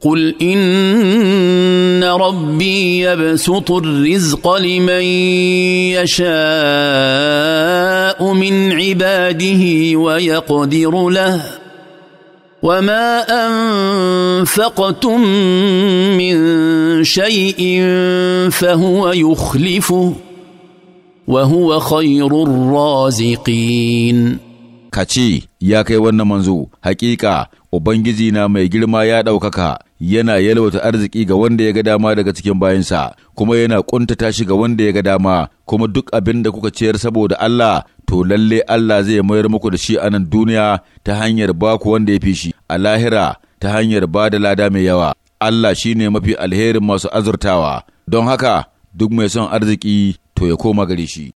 قل ان ربي يبسط الرزق لمن يشاء من عباده ويقدر له وما انفقتم من شيء فهو يخلفه وهو خير الرازقين كاتشي ce, Ya kai wannan manzo, hakika دوكاكا yana yalwata arziki ga wanda ya ga dama daga cikin bayansa kuma yana ƙuntata shi ga wanda ya ga dama kuma duk abin da kuka ciyar saboda Allah to lalle Allah zai mayar muku da shi a nan duniya ta hanyar ba ku wanda ya fi shi a lahira ta hanyar ba da lada mai yawa Allah shi ne mafi alherin masu azurtawa don haka duk mai son arziki to ya koma gare shi